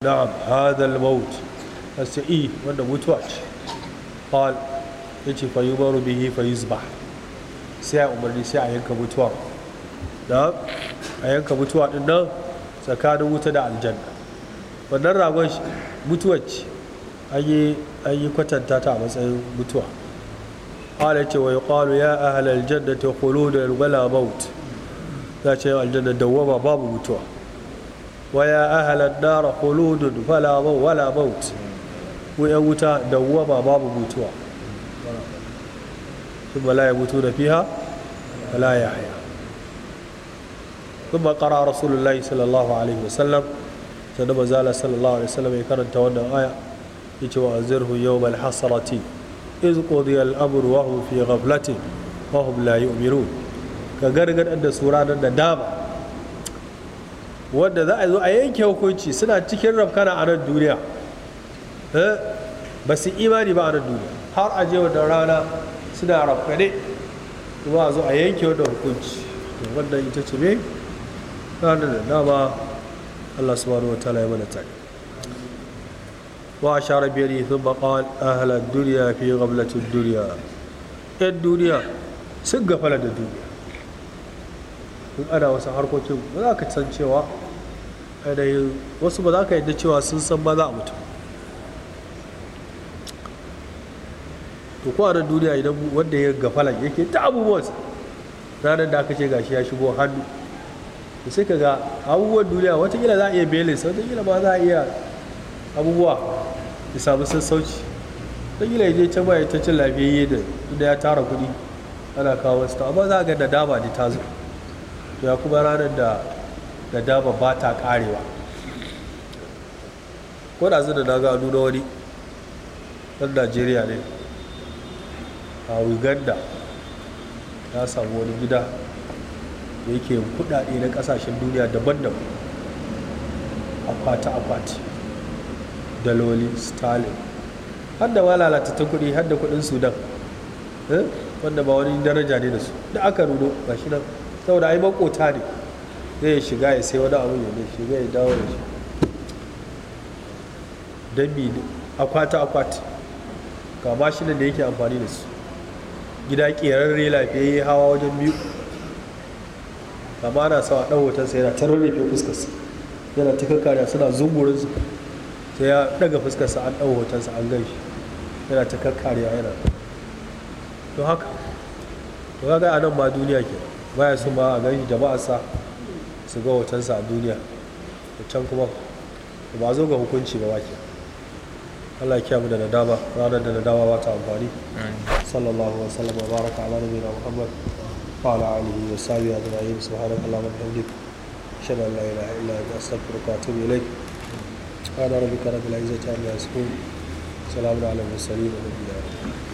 na'am hadal maut sa'i wanda mutuwa ce qal yace fa yubaru bihi fa yuzbah sai a umarni sai a yanka mutuwa na'am a yanka mutuwa din nan tsakanin wuta da aljanna wannan ragon mutuwar ce an yi kwatanta ta a matsayin mutuwa qala ce wa yuqalu ya ahlal jannati khuludun wala maut za aljanna babu mutuwa waya ahalar dara kuludun falabau walabaut ya wuta da wuwa babu mutuwa kuma la ya mutu da fiha la ya haya kuma kara rasulullahi sallallahu alaihi wasallam ta da mazala sallallahu alaihi wasallam ya karanta wannan aya ya ce wa azirhu yau bal hasarati iz kodi al'abur wahu fi gaflati wahu la yi umiru ka gargaɗar da sura da dama wadda za a zo a yanke hukunci suna cikin rafkana a nan duniya eh, ba su imani ba a nan duniya har a je wadda rana suna rafkane kuma a zo a yanke wadda hukunci wadda ita ce ne ranar da dama allah subhanahu wa ta'ala ya mana take وأشار بيده ثم قال أهل gwamnatin duniya. Yan duniya sun gafala da duniya. in ana wasu harkokin ba za ka san cewa ainihin wasu ba za ka yadda cewa sun san ba za a mutu to ko a duniya idan wanda ya gafalan yake ta abubuwansa ranar da aka ce gashi ya shigo hannu da sai ka ga abubuwan duniya watakila za a iya belinsa watakila ba za a iya abubuwa ya samu sassauci watakila ya je can ba ya ta cin lafiyayye da ya tara kuɗi ana kawo wasu amma za a ga nadama ne ta zo to ya kuma ranar da dama ba ta karewa ko da zai na ga nuna wani ɗan najeriya ne a uganda ya samu wani gida da yake kudade na kasashen duniya daban-daban akwati-akwati daloli stalin har da lalata ta kudi har kudin sudan eh? wanda ba wani daraja ne da su da aka rudo ga shi nan saboda ai makota ne zai shiga ya sai wani abu ne shiga ya dawo da shi dami akwata akwati ga mashinan da yake amfani da su gida kerarre lafiyayye hawa wajen biyu amma ana sawa dan hotonsa yana ta rarrafe fuskarsa yana ta kakkara suna su sai ya daga fuskarsa an dan hotonsa an gan shi yana ta kakkariya yana to haka to haka a nan ma duniya kenan baya su ma a gani jama'arsa su ga wacensa a duniya can kuma ba zo ga hukunci ba wake Allah ya kiyamu da nadama ranar da nadama ba ta amfani sallallahu wa sallam wa baraka ala nabiyina muhammad wa ala alihi wa sahbihi ajma'in subhanaka allahumma wa bihamdik ashhadu an la ilaha illa anta astaghfiruka wa atubu ilaik هذا ربك رب العزة عما يصفون سلام على المرسلين والحمد لله